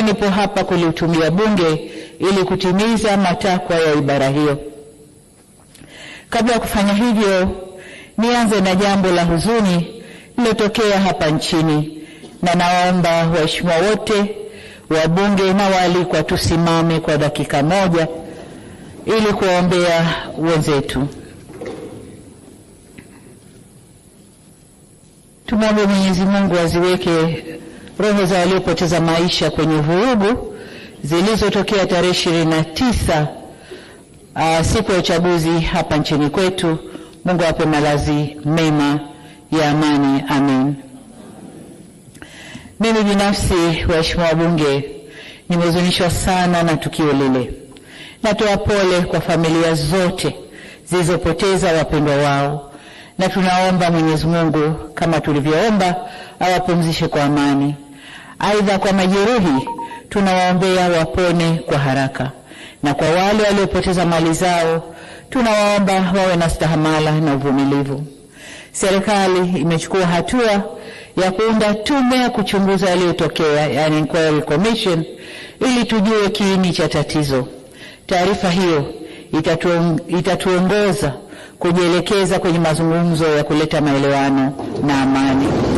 leo nipo hapa kulihutubia Bunge ili kutimiza matakwa ya ibara hiyo. Kabla ya kufanya hivyo, nianze na jambo la huzuni lilotokea hapa nchini, na naomba waheshimiwa wote wa bunge na waalikwa tusimame kwa dakika moja ili kuwaombea wenzetu. Tumwombe Mwenyezi Mungu aziweke roho za waliopoteza maisha kwenye vurugu zilizotokea tarehe ishirini na tisa uh, siku ya uchaguzi hapa nchini kwetu. Mungu awape malazi mema ya amani, amen. Mimi binafsi, waheshimiwa wabunge, nimehuzunishwa sana na tukio lile. Natoa pole kwa familia zote zilizopoteza wapendwa wao, na tunaomba Mwenyezi Mungu kama tulivyoomba awapumzishe kwa amani. Aidha, kwa majeruhi tunawaombea wapone kwa haraka, na kwa wale waliopoteza mali zao tunawaomba wawe na stahamala na uvumilivu. Serikali imechukua hatua ya kuunda tume ya kuchunguza yaliyotokea, yani inquiry commission, ili tujue kiini cha tatizo. Taarifa hiyo itatuongoza kujielekeza kwenye mazungumzo ya kuleta maelewano na amani.